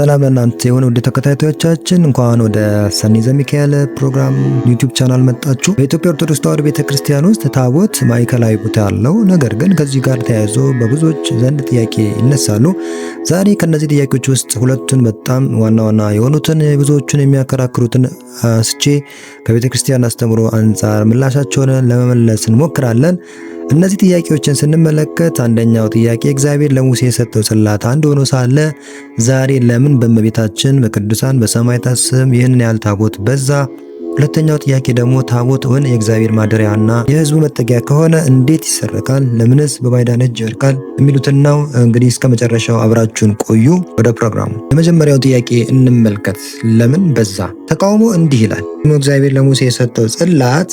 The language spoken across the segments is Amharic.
ሰላም ለእናንተ የሆነ ውድ ተከታታዮቻችን እንኳን ወደ ሰኒ ዘሚካኤል ፕሮግራም ዩቲዩብ ቻናል መጣችሁ። በኢትዮጵያ ኦርቶዶክስ ተዋሕዶ ቤተ ክርስቲያን ውስጥ ታቦት ማዕከላዊ ቦታ ያለው፣ ነገር ግን ከዚህ ጋር ተያይዞ በብዙዎች ዘንድ ጥያቄ ይነሳሉ። ዛሬ ከእነዚህ ጥያቄዎች ውስጥ ሁለቱን በጣም ዋና ዋና የሆኑትን ብዙዎቹን የሚያከራክሩትን ስቼ ከቤተ ክርስቲያን አስተምሮ አንጻር ምላሻቸውን ለመመለስ እንሞክራለን። እነዚህ ጥያቄዎችን ስንመለከት አንደኛው ጥያቄ እግዚአብሔር ለሙሴ የሰጠው ጽላት አንድ ሆኖ ሳለ ዛሬ ለምን ለምን በእመቤታችን በቅዱሳን በሰማዕታት ስም ይህንን ያህል ታቦት በዛ? ሁለተኛው ጥያቄ ደግሞ ታቦት እውን የእግዚአብሔር ማደሪያና የሕዝቡ መጠጊያ ከሆነ እንዴት ይሰረቃል? ለምንስ በባይዳን እጅ ይወድቃል? የሚሉትን ነው። እንግዲህ እስከ መጨረሻው አብራችሁን ቆዩ። ወደ ፕሮግራሙ የመጀመሪያው ጥያቄ እንመልከት። ለምን በዛ? ተቃውሞ እንዲህ ይላል። እግዚአብሔር ለሙሴ የሰጠው ጽላት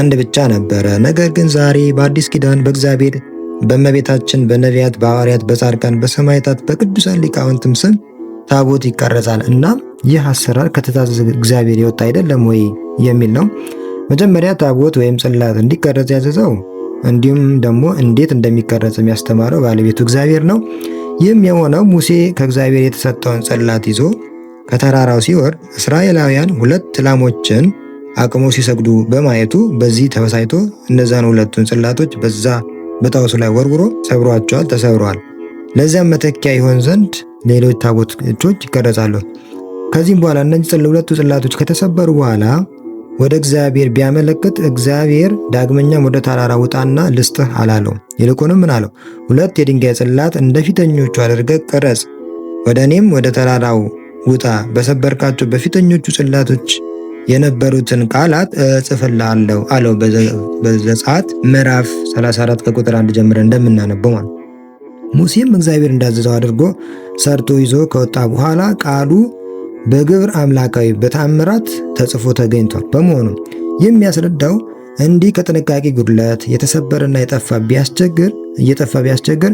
አንድ ብቻ ነበረ። ነገር ግን ዛሬ በአዲስ ኪዳን በእግዚአብሔር በእመቤታችን በነቢያት በሐዋርያት በጻድቃን በሰማዕታት በቅዱሳን ሊቃውንትም ስም ታቦት ይቀረጻል። እና ይህ አሰራር ከትእዛዝ እግዚአብሔር የወጣ አይደለም ወይ የሚል ነው። መጀመሪያ ታቦት ወይም ጽላት እንዲቀረጽ ያዘዘው እንዲሁም ደግሞ እንዴት እንደሚቀረጽ የሚያስተማረው ባለቤቱ እግዚአብሔር ነው። ይህም የሆነው ሙሴ ከእግዚአብሔር የተሰጠውን ጽላት ይዞ ከተራራው ሲወርድ እስራኤላውያን ሁለት ላሞችን አቅመው ሲሰግዱ በማየቱ በዚህ ተበሳይቶ እነዛን ሁለቱን ጽላቶች በዛ በጣውሱ ላይ ወርውሮ ሰብሯቸዋል፣ ተሰብረዋል። ለዚያም መተኪያ ይሆን ዘንድ ሌሎች ታቦቶች ይቀረጻሉ። ከዚህም በኋላ እነዚህ ሁለቱ ጽላቶች ከተሰበሩ በኋላ ወደ እግዚአብሔር ቢያመለክት እግዚአብሔር ዳግመኛም ወደ ተራራ ውጣና ልስጥህ አላለው። ይልቁንም ምን አለው? ሁለት የድንጋይ ጽላት እንደ ፊተኞቹ አድርገህ ቅረጽ፣ ወደ እኔም ወደ ተራራው ውጣ፣ በሰበርካቸው በፊተኞቹ ጽላቶች የነበሩትን ቃላት እጽፍልሃለሁ አለው። በዘጸአት ምዕራፍ 34 ከቁጥር አንድ ጀምረ እንደምናነበው ማለት ሙሴም እግዚአብሔር እንዳዘዘው አድርጎ ሰርቶ ይዞ ከወጣ በኋላ ቃሉ በግብር አምላካዊ በታምራት ተጽፎ ተገኝቷል። በመሆኑም የሚያስረዳው እንዲህ ከጥንቃቄ ጉድለት የተሰበረና የጠፋ ቢያስቸግር እየጠፋ ቢያስቸግር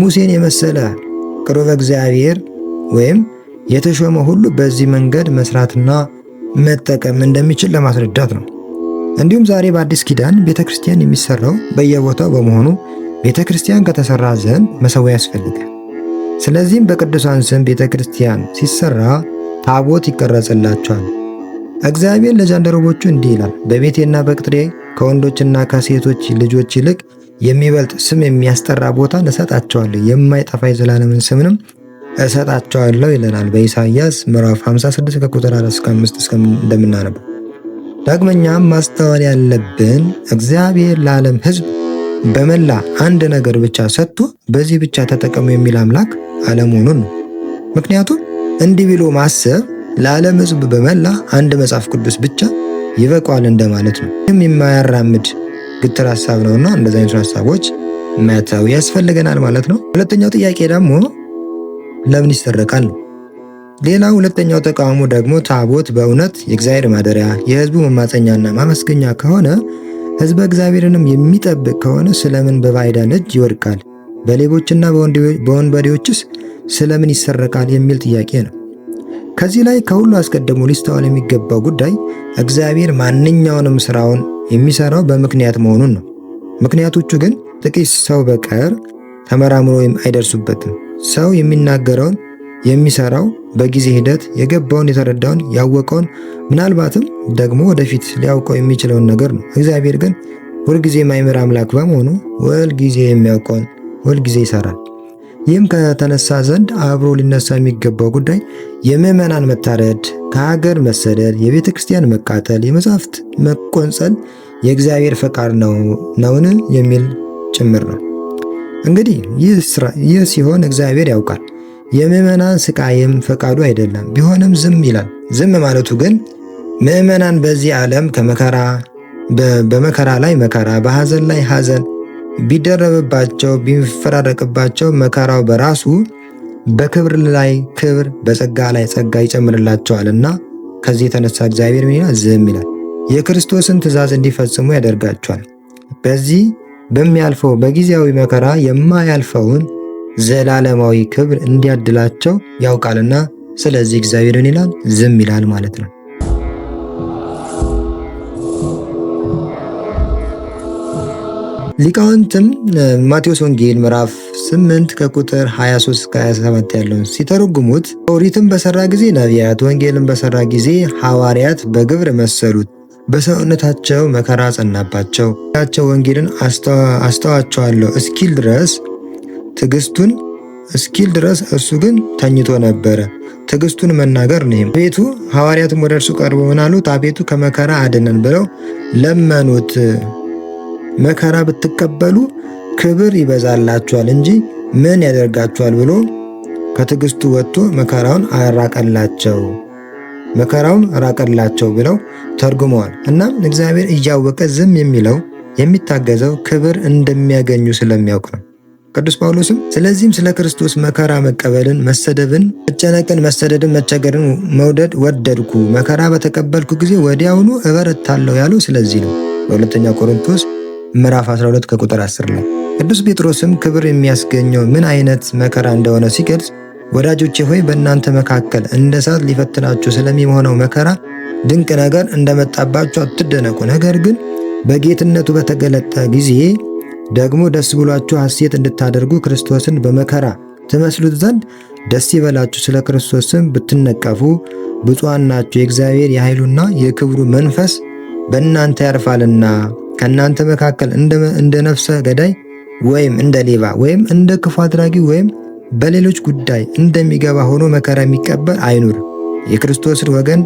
ሙሴን የመሰለ ቅሩበ እግዚአብሔር ወይም የተሾመ ሁሉ በዚህ መንገድ መስራትና መጠቀም እንደሚችል ለማስረዳት ነው። እንዲሁም ዛሬ በአዲስ ኪዳን ቤተ ክርስቲያን የሚሰራው በየቦታው በመሆኑ ቤተ ክርስቲያን ከተሰራ ዘንድ መሠዊያ ያስፈልጋል። ስለዚህም በቅዱሳን ስም ቤተ ክርስቲያን ሲሰራ ታቦት ይቀረጽላቸዋል። እግዚአብሔር ለጃንደረቦቹ እንዲህ ይላል፣ በቤቴና በቅጥሬ ከወንዶችና ከሴቶች ልጆች ይልቅ የሚበልጥ ስም የሚያስጠራ ቦታን እሰጣቸዋለሁ፣ የማይጠፋ የዘላለምን ስምንም እሰጣቸዋለሁ ይለናል። በኢሳይያስ ምዕራፍ 56 ከቁጥር 4 እስከ 5 እንደምናነበው። ዳግመኛም ማስተዋል ያለብን እግዚአብሔር ለዓለም ሕዝብ በመላ አንድ ነገር ብቻ ሰጥቶ በዚህ ብቻ ተጠቀሙ የሚል አምላክ አለመሆኑን ነው። ምክንያቱም እንዲህ ብሎ ማሰብ ለዓለም ሕዝብ በመላ አንድ መጽሐፍ ቅዱስ ብቻ ይበቃዋል እንደማለት ነው። ይህም የማያራምድ ግትር ሀሳብ ነውና እንደዚ አይነቱ ሀሳቦች መተው ያስፈልገናል ማለት ነው። ሁለተኛው ጥያቄ ደግሞ ለምን ይሰረቃል ነው። ሌላ ሁለተኛው ተቃውሞ ደግሞ ታቦት በእውነት የእግዚአብሔር ማደሪያ የህዝቡ መማፀኛና ማመስገኛ ከሆነ ሕዝበ እግዚአብሔርንም የሚጠብቅ ከሆነ ስለምን በባይዳ እጅ ይወድቃል? በሌቦችና በወንበዴዎችስ ስለምን ይሰረቃል? የሚል ጥያቄ ነው። ከዚህ ላይ ከሁሉ አስቀድሞ ሊስተዋል የሚገባው ጉዳይ እግዚአብሔር ማንኛውንም ስራውን የሚሰራው በምክንያት መሆኑን ነው። ምክንያቶቹ ግን ጥቂት ሰው በቀር ተመራምሮ አይደርሱበትም። ሰው የሚናገረውን የሚሰራው በጊዜ ሂደት የገባውን የተረዳውን ያወቀውን ምናልባትም ደግሞ ወደፊት ሊያውቀው የሚችለውን ነገር ነው። እግዚአብሔር ግን ሁልጊዜ ማይምር አምላክ በመሆኑ ሁልጊዜ የሚያውቀውን ሁልጊዜ ይሰራል። ይህም ከተነሳ ዘንድ አብሮ ሊነሳ የሚገባው ጉዳይ የምዕመናን መታረድ፣ ከሀገር መሰደድ፣ የቤተ ክርስቲያን መቃጠል፣ የመጽሐፍት መቆንጸል የእግዚአብሔር ፈቃድ ነውን የሚል ጭምር ነው። እንግዲህ ይህ ሲሆን እግዚአብሔር ያውቃል የምእመናን ስቃይም ፈቃዱ አይደለም። ቢሆንም ዝም ይላል። ዝም ማለቱ ግን ምእመናን በዚህ ዓለም ከመከራ በመከራ ላይ መከራ፣ በሐዘን ላይ ሐዘን ቢደረብባቸው ቢፈራረቅባቸው መከራው በራሱ በክብር ላይ ክብር፣ በጸጋ ላይ ጸጋ ይጨምርላቸዋልና ከዚህ የተነሳ እግዚአብሔር ምን ይላል? ዝም ይላል። የክርስቶስን ትእዛዝ እንዲፈጽሙ ያደርጋቸዋል። በዚህ በሚያልፈው በጊዜያዊ መከራ የማያልፈውን ዘላለማዊ ክብር እንዲያድላቸው ያውቃልና ስለዚህ እግዚአብሔርን ይላል ዝም ይላል ማለት ነው። ሊቃውንትም ማቴዎስ ወንጌል ምዕራፍ 8 ከቁጥር 23 እስከ 27 ያለውን ሲተረጉሙት ኦሪትን በሰራ ጊዜ ነቢያት፣ ወንጌልን በሰራ ጊዜ ሐዋርያት በግብር መሰሉት፣ በሰውነታቸው መከራ ጸናባቸው፣ ቸው ወንጌልን አስተዋቸዋለሁ እስኪል ድረስ ትዕግስቱን እስኪል ድረስ እርሱ ግን ተኝቶ ነበረ። ትዕግስቱን መናገር ነው። አቤቱ ሐዋርያትም ወደ እርሱ ቀርበው ምን አሉት? አቤቱ ከመከራ አድነን ብለው ለመኑት። መከራ ብትቀበሉ ክብር ይበዛላችኋል እንጂ ምን ያደርጋችኋል ብሎ ከትዕግስቱ ወጥቶ መከራውን አራቀላቸው መከራውን ራቀላቸው ብለው ተርጉመዋል። እናም እግዚአብሔር እያወቀ ዝም የሚለው የሚታገዘው ክብር እንደሚያገኙ ስለሚያውቅ ነው። ቅዱስ ጳውሎስም ስለዚህም ስለ ክርስቶስ መከራ መቀበልን፣ መሰደብን፣ መጨነቅን፣ መሰደድን፣ መቸገርን መውደድ ወደድኩ፣ መከራ በተቀበልኩ ጊዜ ወዲያውኑ እበረታለሁ ያለው ስለዚህ ነው። በሁለተኛ ቆሮንቶስ ምዕራፍ 12 ከቁጥር 10 ላይ ቅዱስ ጴጥሮስም ክብር የሚያስገኘው ምን አይነት መከራ እንደሆነ ሲገልጽ ወዳጆቼ ሆይ በእናንተ መካከል እንደ እሳት ሊፈትናችሁ ስለሚሆነው መከራ ድንቅ ነገር እንደመጣባችሁ አትደነቁ፣ ነገር ግን በጌትነቱ በተገለጠ ጊዜ ደግሞ ደስ ብሏችሁ ሐሴት እንድታደርጉ ክርስቶስን በመከራ ትመስሉት ዘንድ ደስ ይበላችሁ። ስለ ክርስቶስ ስም ብትነቀፉ ብፁዓን ናችሁ፣ የእግዚአብሔር የኃይሉና የክብሩ መንፈስ በእናንተ ያርፋልና። ከእናንተ መካከል እንደ ነፍሰ ገዳይ ወይም እንደ ሌባ ወይም እንደ ክፉ አድራጊ ወይም በሌሎች ጉዳይ እንደሚገባ ሆኖ መከራ የሚቀበል አይኑር። የክርስቶስን ወገን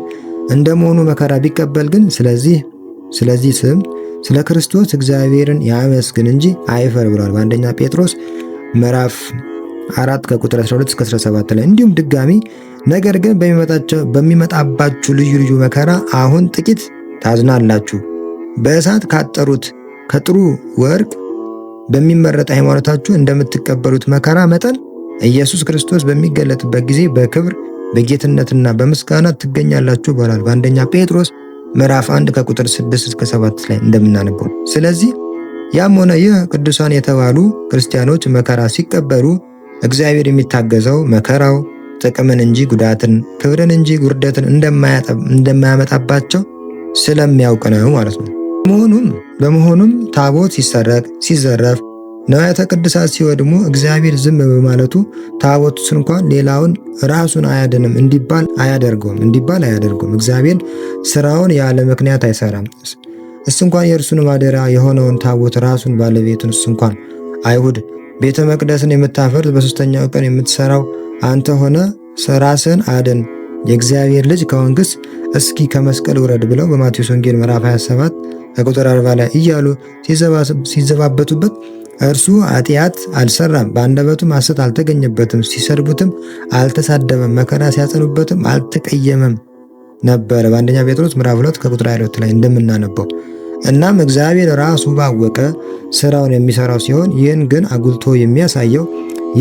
እንደመሆኑ መከራ ቢቀበል ግን ስለዚህ ስለዚህ ስም ስለ ክርስቶስ እግዚአብሔርን ያመስግን እንጂ አይፈር ብሏል በአንደኛ ጴጥሮስ ምዕራፍ አራት ከቁጥር 12 እስከ 17 ላይ እንዲሁም ድጋሚ ነገር ግን በሚመጣባችሁ ልዩ ልዩ መከራ አሁን ጥቂት ታዝናላችሁ። በእሳት ካጠሩት ከጥሩ ወርቅ በሚመረጥ ሃይማኖታችሁ እንደምትቀበሉት መከራ መጠን ኢየሱስ ክርስቶስ በሚገለጥበት ጊዜ በክብር በጌትነትና በምስጋና ትገኛላችሁ ይባላል በአንደኛ ጴጥሮስ ምዕራፍ 1 ከቁጥር 6 እስከ 7 ላይ እንደምናነበው። ስለዚህ ያም ሆነ ይህ ቅዱሳን የተባሉ ክርስቲያኖች መከራ ሲቀበሉ እግዚአብሔር የሚታገዘው መከራው ጥቅምን እንጂ ጉዳትን፣ ክብርን እንጂ ውርደትን እንደማያመጣባቸው ስለሚያውቅ ነው ማለት ነው። በመሆኑም በመሆኑም ታቦት ሲሰረቅ፣ ሲዘረፍ ንዋያተ ቅድሳት ሲወድሙ እግዚአብሔር ዝም በማለቱ ታቦቱስ እንኳን ሌላውን ራሱን አያድንም እንዲባል አያደርገውም እንዲባል አያደርገውም። እግዚአብሔር ስራውን ያለ ምክንያት አይሰራም። እስ እንኳን የእርሱን ማደሪያ የሆነውን ታቦት ራሱን ባለቤቱን እስ እንኳን አይሁድ ቤተ መቅደስን የምታፈርስ በሶስተኛው ቀን የምትሰራው አንተ ሆነ ራስን አድን የእግዚአብሔር ልጅ ከወንግስ እስኪ ከመስቀል ውረድ ብለው በማቴዎስ ወንጌል ምዕራፍ 27 ከቁጥር 40 ላይ እያሉ ሲዘባበቱበት እርሱ ኃጢአት አልሰራም፣ በአንደበቱም ሐሰት አልተገኘበትም፣ ሲሰድቡትም አልተሳደበም፣ መከራ ሲያጸኑበትም አልተቀየመም ነበረ። በአንደኛ ጴጥሮስ ምዕራፍ 2 ከቁጥር 22 ላይ እንደምናነበው እናም እግዚአብሔር ራሱ ባወቀ ስራውን የሚሰራው ሲሆን ይህን ግን አጉልቶ የሚያሳየው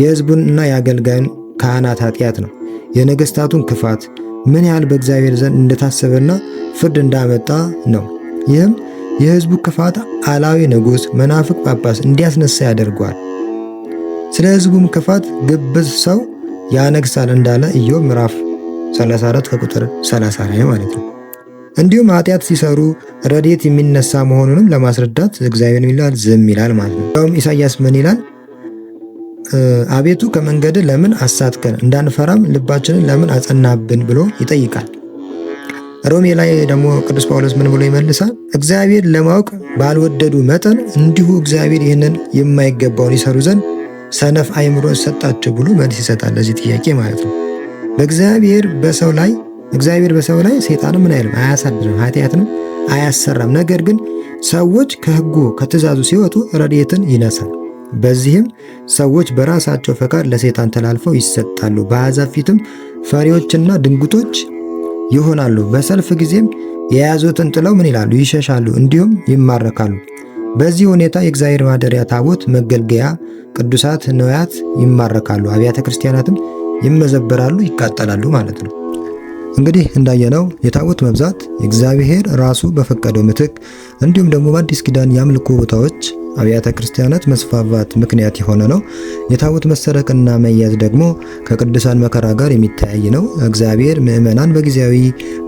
የሕዝቡን እና የአገልጋዩን ካህናት ኃጢአት ነው። የነገስታቱን ክፋት ምን ያህል በእግዚአብሔር ዘንድ እንደታሰበና ፍርድ እንዳመጣ ነው። ይህም የህዝቡ ክፋት አላዊ ንጉሥ፣ መናፍቅ ጳጳስ እንዲያስነሳ ያደርጓል። ስለ ህዝቡም ክፋት ግብዝ ሰው ያነግሳል እንዳለ ኢዮብ ምዕራፍ 34 ከቁጥር 30 ላይ ማለት ነው። እንዲሁም ኃጢአት ሲሰሩ ረድኤት የሚነሳ መሆኑንም ለማስረዳት እግዚአብሔር ይላል ዝም ይላል ማለት ነው። ያውም ኢሳያስ ምን ይላል? አቤቱ ከመንገድ ለምን አሳትከን፣ እንዳንፈራም ልባችንን ለምን አጸናብን ብሎ ይጠይቃል። ሮሜ ላይ ደግሞ ቅዱስ ጳውሎስ ምን ብሎ ይመልሳል? እግዚአብሔር ለማወቅ ባልወደዱ መጠን እንዲሁ እግዚአብሔር ይህንን የማይገባውን ይሰሩ ዘንድ ሰነፍ አይምሮ ሰጣቸው ብሎ መልስ ይሰጣል ለዚህ ጥያቄ ማለት ነው። በእግዚአብሔር በሰው ላይ እግዚአብሔር በሰው ላይ ሰይጣን ምን አይልም፣ አያሳድርም፣ ኃጢአትንም አያሰራም። ነገር ግን ሰዎች ከህጉ ከትእዛዙ ሲወጡ ረድኤትን ይነሳል። በዚህም ሰዎች በራሳቸው ፈቃድ ለሰይጣን ተላልፈው ይሰጣሉ። በአሕዛብ ፊትም ፈሪዎችና ድንጉቶች ይሆናሉ። በሰልፍ ጊዜም የያዙትን ጥለው ምን ይላሉ? ይሸሻሉ፣ እንዲሁም ይማረካሉ። በዚህ ሁኔታ የእግዚአብሔር ማደሪያ ታቦት፣ መገልገያ ቅዱሳት ነውያት ይማረካሉ፣ አብያተ ክርስቲያናትም ይመዘበራሉ፣ ይቃጠላሉ ማለት ነው። እንግዲህ እንዳየነው የታቦት መብዛት የእግዚአብሔር ራሱ በፈቀደው ምትክ እንዲሁም ደግሞ በአዲስ ኪዳን የአምልኮ ቦታዎች አብያተ ክርስቲያናት መስፋፋት ምክንያት የሆነ ነው። የታቦት መሰረቅና መያዝ ደግሞ ከቅዱሳን መከራ ጋር የሚተያይ ነው። እግዚአብሔር ምእመናን በጊዜያዊ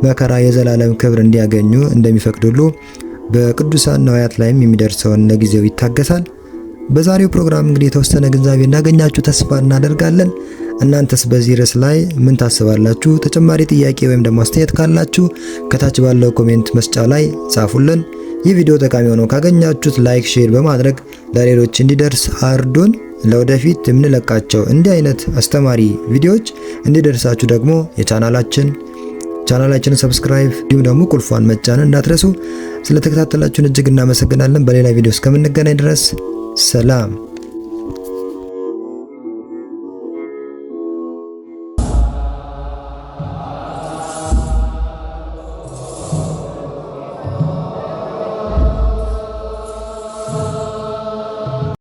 መከራ የዘላለም ክብር እንዲያገኙ እንደሚፈቅድ ሁሉ በቅዱሳን ነዋያት ላይም የሚደርሰውን ለጊዜው ይታገሳል። በዛሬው ፕሮግራም እንግዲህ የተወሰነ ግንዛቤ እንዳገኛችሁ ተስፋ እናደርጋለን። እናንተስ በዚህ ርዕስ ላይ ምን ታስባላችሁ? ተጨማሪ ጥያቄ ወይም ደግሞ አስተያየት ካላችሁ ከታች ባለው ኮሜንት መስጫ ላይ ጻፉልን። ይህ ቪዲዮ ጠቃሚ ሆኖ ካገኛችሁት ላይክ፣ ሼር በማድረግ ለሌሎች እንዲደርስ አርዱን። ለወደፊት የምንለቃቸው እንዲህ አይነት አስተማሪ ቪዲዮዎች እንዲደርሳችሁ ደግሞ የቻናላችን ቻናላችንን ሰብስክራይብ እንዲሁም ደግሞ ቁልፏን መጫን እንዳትረሱ። ስለተከታተላችሁን እጅግ እናመሰግናለን። በሌላ ቪዲዮ እስከምንገናኝ ድረስ سلام